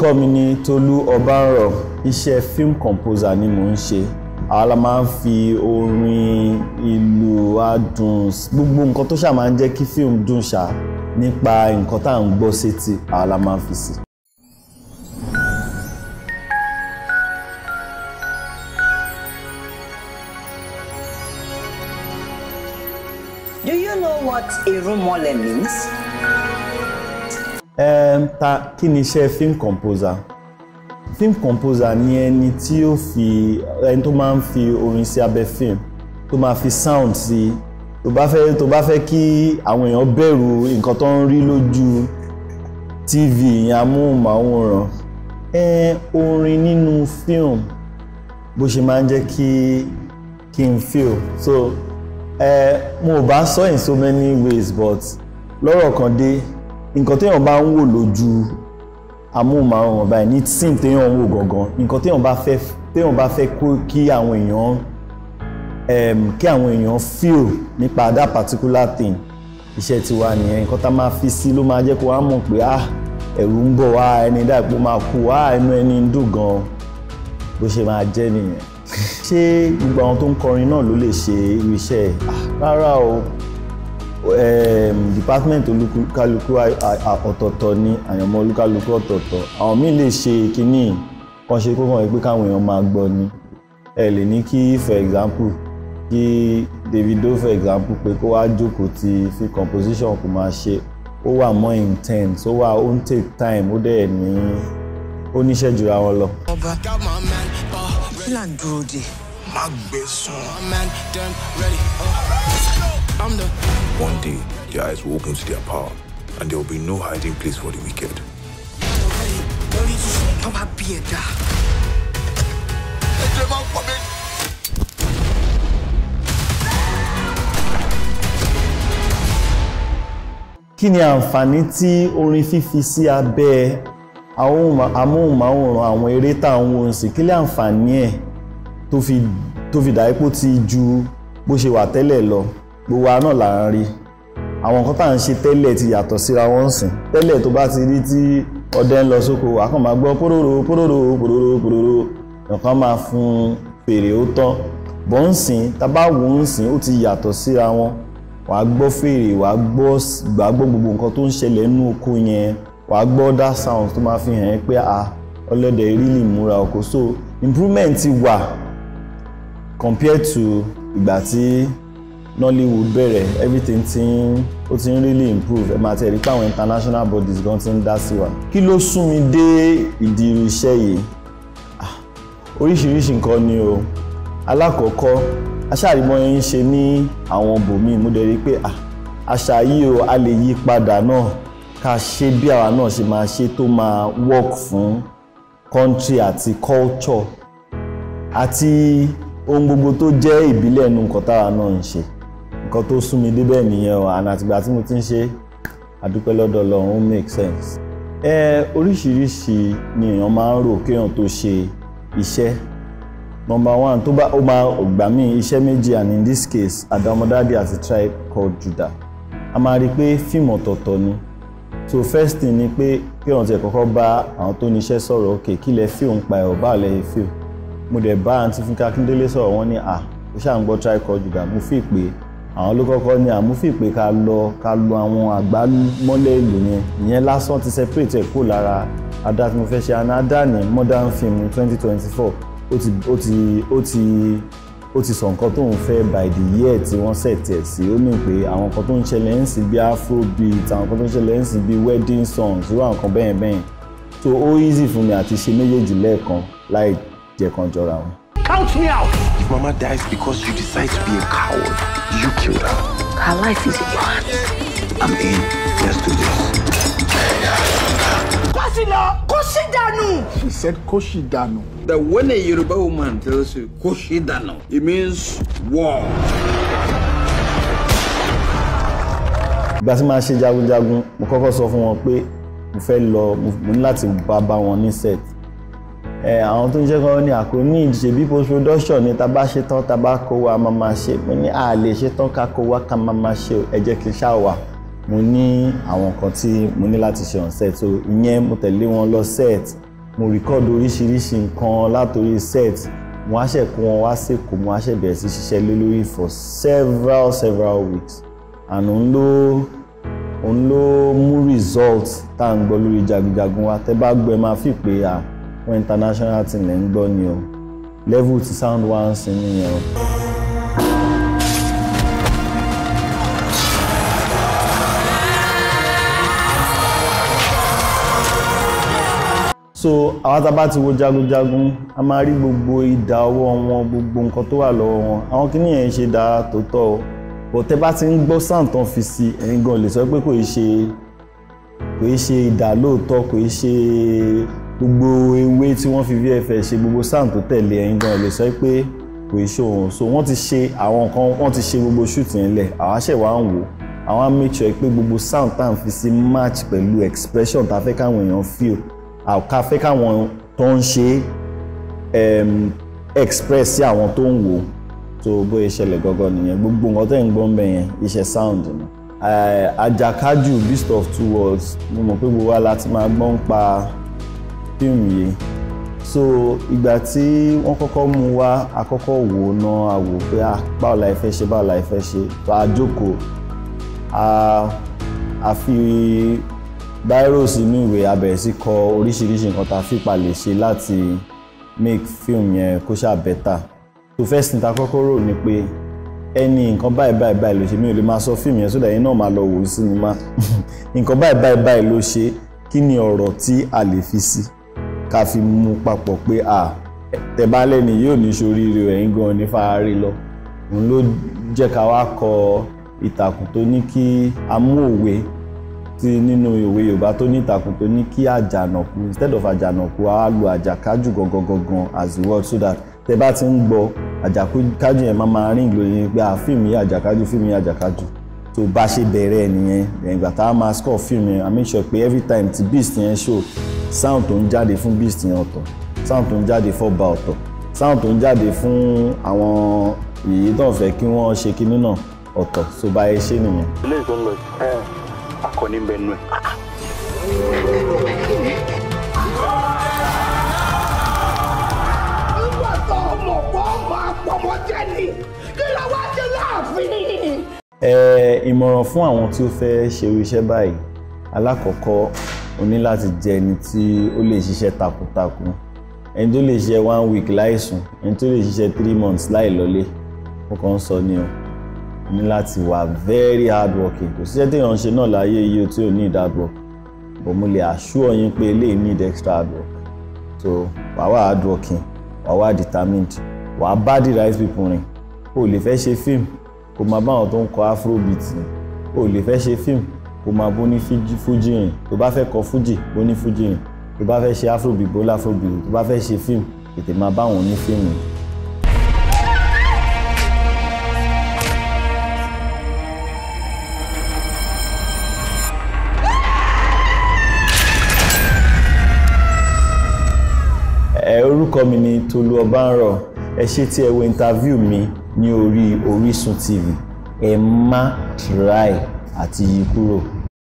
orúkọ mi ni Tolú Ọbánrọ̀ iṣẹ́ film composer ni mò ń ṣe àwa máa ń fi orin ìlú adùn gbogbo nǹkan tó ṣáà máa ń jẹ́ kí fíìmù dùn ṣá nípa nǹkan tá à ń gbọ́ sétí àwa máa ń fi sí. Do you know what irúnmọlẹ̀ means? um, ta kí ni iṣẹ́ film composer film composer ni ẹni tí ó fi ẹni tó máa ń fi orin sí abẹ́ film tó máa fi sound sí tó bá fẹ́ tó bá fẹ́ kí àwọn èèyàn bẹ̀rù nǹkan tó ń rí lójú tv ìyẹn amóhùnmáwòrán ẹn orin nínú film bó ṣe máa ń jẹ́ kí kí n feel so ẹ eh, mo bá sọ in so many ways but lọ́rọ̀ kan dé nǹkan téèyàn bá ń wò lójú amóhùnmáwòrán báyìí ní tíìm téèyàn ń wò gangan nǹkan téèyàn bá fẹ́ téèyàn bá fẹ́ kó kí àwọn èèyàn ehm, kí àwọn èèyàn feel nípa that particular thing iṣẹ́ tiwa nìyẹn nǹkan tá a máa fi sí ló máa jẹ́ kó wá mọ̀ pé ah ẹ̀rù ń bọ̀ wá ẹni dàgbò máa kú wá ẹnu ẹni ń dùn gan bó ṣe máa jẹ́ nìyẹn ṣé gbogbo àwọn tó ń kọrin náà ló lè ṣe irú iṣẹ́ ah, rárá o department olúkálukú ọ̀tọ̀ọ̀tọ̀ ni àyànmọ́ olúkálukú ọ̀tọ̀ọ̀tọ̀ àwọn míì lè ṣe kínní kan ṣe kókàn wípé káwọn èèyàn máa gbọ́ ni ẹ lè ní kí for example kí Davido for example pé kó wá jókòó ti fi composition kó máa ṣe ó wà more intense ó wà ó ń take time ó dẹ̀ ní ó níṣẹ́ jura wọn lọ. ọba kí dúró de má gbẹ sùn. Oh. One day, their eyes will open to their power, and there will be no hiding place for the wicked. Tó bá bí ẹ dá. Ẹ̀jẹ̀ máa ń pọ̀ méjì. kí ni àǹfààní tí orin fífi sí abẹ́ amóhùnmáwòrán àwọn eré tá à ń wo sí kí lè àǹfààní ẹ̀ tó fi tó fi dàí pò ti ju bó ṣe wà tẹ́lẹ̀ lọ gbogbo wa náà là ń rí àwọn nǹkan tá à ń ṣe tẹ́lẹ̀ ti yàtọ̀ síra wọn sìn tẹ́lẹ̀ tó bá ti rí tí ọdẹ ń lọ sóko àkàn máa gbọ́ pòròrò pòròrò pòròrò pòròrò nǹkan máa fún fèrè ó tán bọ́ ń sìn tábà wò ń sìn ó ti yàtọ̀ síra wọn wàá gbọ́ fèrè wàá gbọ́ gbàgbọ́ gbogbo nǹkan tó ń ṣẹlẹ̀ nínú oko yẹn wàá gbọ́ that sound tó máa fi hàn ẹ́ pé ọlọ́dẹ rí lè múra oko so improvement ti wà compared to ìgbà tí Nollywood bẹ̀rẹ̀ everything ti ń ó ti ń really improve ẹ máa ti ẹ̀rí pé àwọn international bodies gan ti ń dá sí wa. kí ló sún mi dé ìdí iṣẹ́ yìí ah, oríṣiríṣi nǹkan ni o alákọ̀ọ́kọ́ aṣáàrímọ́ yẹn ń ṣe ní àwọn bòmíì mo dẹ̀ pé ah, àṣà yìí o a lè yí padà náà ká ṣe bí àwa náà ṣe máa ṣe tó máa work fún country àti culture àti ohun gbogbo tó jẹ́ ìbílẹ̀ nu nǹkan táwa náà ń ṣe nǹkan tó sún mi débẹ̀ nìyẹn o àná àtìgbà tí mo ti ń ṣe àdúpẹ́ lọ́dọ̀ Ọlọ́run ó make sense. ẹ oríṣiríṣi ni èèyàn máa ń rò kéèyàn tó ṣe iṣẹ́ number one tó bá ó máa gbà mí iṣẹ́ méjì and in this case Adaomodadi a Tribe Called juda a máa rí i pé fíìmù ọ̀tọ̀ọ̀tọ̀ ni so first thing ni pé kéèyàn tiẹ̀ kọ́kọ́ bá àwọn tó níṣẹ́ sọ̀rọ̀ òkè kí lẹ fíìmù pa ẹ̀ ọ̀ bá ọ̀ fíìmù mo dẹ̀ bá àǹtí Fúnkẹ́ Akíndélé sọ̀rọ̀ wọ́n ní à ó ṣáà ń gbọ́ tráìkọ̀ jùgà mo fi pé àwọn ló kọ́kọ́ ní àmúfin pé ká lọ ká lo àwọn àgbálùmọ́lẹ̀ ìlú yẹn ìyẹn lásán ti separate ẹ̀ kúrò lára adá tí mo fẹ́ ṣe àná adá ní modern film twenty twenty four ó ti ó ti ó ti ó ti sọ nǹkan tó ń fẹ́ by the year tí wọ́n ṣẹ̀tì ẹ̀ sí ó mì pé àwọn nǹkan tó ń ṣẹlẹ̀ ń sí bí afrobeat àwọn nǹkan tó ń ṣẹlẹ̀ ń sí bí wedding songs irú àwọn nǹkan bẹ́ẹ̀ bẹ́ẹ̀ so ó easy fún mi àti ṣe méjèèjì lẹ́ẹ̀kan láì jẹ́ kan Count me out. If Mama dies because you decide to be a coward. You killed her. Her life is in your hands. I'm in. Let's do this. Kosila! Koshidanu! She said Koshidanu. The when a Yoruba woman tells you Koshidanu, it means war. Ìgbà tí màá ṣe jagunjagun, mo kọ́kọ́ sọ fún wọn pé mo fẹ́ lọ, mo ní láti bá bá wọn ní set àwọn tó ń ṣe kan ní àkó ní ìdíje bí post production ni tá bá ṣe tán tá bá kó wa máa máa ṣe mo ní a lè ṣe tán ká kó wa ká máa máa ṣe ẹ jẹ́ kí n ṣáà wà mo ní àwọn nǹkan tí mo ní láti ṣe on set so ìyẹn mo tẹ̀lé wọn lọ set mo record oríṣiríṣi nǹkan látòrí set mo á ṣe kó wọn wá sí Èkó mo á ṣe bẹ̀rẹ̀ sí ṣiṣẹ́ lé lórí for several several weeks and òun ló òun ló mú result tá à ń gbọ́ lórí jagunjagun wa tẹ́ bá gbọ́ ẹ máa fi pé à fún international team lẹ́ ń gbọ́ ni o level ti sound wa ń nìyẹn o. so àwọn tá a bá ti wo jagunjagun a máa rí gbogbo ìdá ọwọ́ wọn gbogbo nǹkan tó wà lọ́wọ́ wọn àwọn kìnìyàn ń ṣe dá tó tọ́ o bọ̀ tẹ́ bá ti ń gbọ́ sound fi si ẹ̀yin gan lè sọ pé kò í ṣe kò í ṣe ìdá lóòótọ́ kò í ṣe gbogbo ewé tí wọ́n fi VFX ṣe gbogbo sound tó tẹ̀lé ẹ̀yin gan lè sọ pé kò í ṣe òun so wọ́n ti ṣe àwọn nǹkan wọ́n ti ṣe gbogbo shoot yẹn lẹ̀ àwa ṣẹ̀ wá ń wò àwa make sure pé gbogbo sound tá à ń fi sí match pẹ̀lú expression tá a fẹ́ káwọn èèyàn feel àká fẹ́ káwọn tó ń ṣe express sí àwọn tó ń wò tó bóyá ìṣẹ̀lẹ̀ gangan nìyẹn gbogbo nǹkan tẹ̀ ń gbọ́ ń bẹ̀ yẹn iṣẹ́ sound ni àjàkájù beast of two worlds mo mọ̀ pé gbogbo wa láti máa gbọ́n pa fíìmù yìí so ìgbà tí wọ́n kọ́kọ́ mú wa àkọ́kọ́ wò ná àwò pé a ah, báwo la fẹ́ ṣe báwo la fẹ́ ṣe bá a jókòó a a fi bírò sínú ìwé a bẹ̀rẹ̀ sí kọ oríṣiríṣi nǹkan tá a fi palẹ̀ ṣe láti make film yẹn kó ṣáà bẹ́tà so first thing ta kọ́kọ́ rò ni pé ẹni nǹkan báyìí báyìí báyìí ló ṣe mi ò lè máa sọ fíìmù yẹn sódà yín náà máa lọ wò ó sinimá nǹkan báyìí báyìí báyìí ló ṣe kí ni ọ̀rọ̀ tí a lè fi sí i ká fi mú papọ̀ pé à tẹ̀bálẹ̀ ni yóò ní ṣoríire ẹ̀yìn gan ní fàárẹ̀ lọ òun ló jẹ́ ká wá kọ ìtàkùn tó ní kí a mú òwe ti nínú ìwé Yorùbá tó ní ìtàkùn tó ní kí àjànàkú instead of àjànàkú a lo àjàkájù gangan as the word so that tẹ bá ti ń gbọ́ àjàkájù yẹn máa máa rìn lóyún pé àfíìmù yìí àjàkájù fíìmù àjàkájù tó bá ṣe bẹ̀rẹ̀ nìyẹn ìgbà tá a máa score film yẹn i mean, sure pé every time ti beast yẹn show sound tó ń jáde fún beast yẹn ọ̀tọ̀ sound tó ń jáde fọ́ba ọ̀tọ̀ sound tó ń jáde fún àwọn èyí tó ń fẹ́ kí wọ́n ṣe kinní náà ọ̀tọ̀ tó bá yẹ ṣe nìyẹn. ilé ìtọ́ ẹ akọni bẹ nù ẹ. nígbà tó mọ̀ pọ́ máa pọ̀ ni kí ìmọ̀ràn fún àwọn tí ó fẹ́ ṣe irú iṣẹ́ báyìí alákọ̀ọ́kọ́ o ní láti jẹ ẹni tí ó lè ṣiṣẹ́ takuntakun ẹni tó lè ṣiṣẹ́ one week láìsùn ẹni tó lè ṣiṣẹ́ three months láìlọlé ó kàn ń sọ ni o o ní láti wà very hard working kò síṣẹ́ téèyàn ń ṣe náà láyé yìí tí ò need hard work mo lè assure yín pé eléyìí need extra hard work so wàá wà hard working wàá wà determined wàá bá the right people rìn o lè fẹ́ ṣe fíìmù kó máa báwọn tó ń kọ afrobeat ni o lè fẹ́ ṣe fíìmù kó máa bó ní fújì rìn tó bá fẹ́ kọ fújì bó ní fújì rìn tó bá fẹ́ ṣe afrobeat bó láfrobeat tó bá fẹ́ ṣe fíìmù tètè máa báwọn onífíìmù yìí. orúkọ mi ni Tolú Ọbánrọ̀ ẹ ṣé tí ẹ wo interview mi ní orí Orísun TV ẹ má try àti yí kúrò.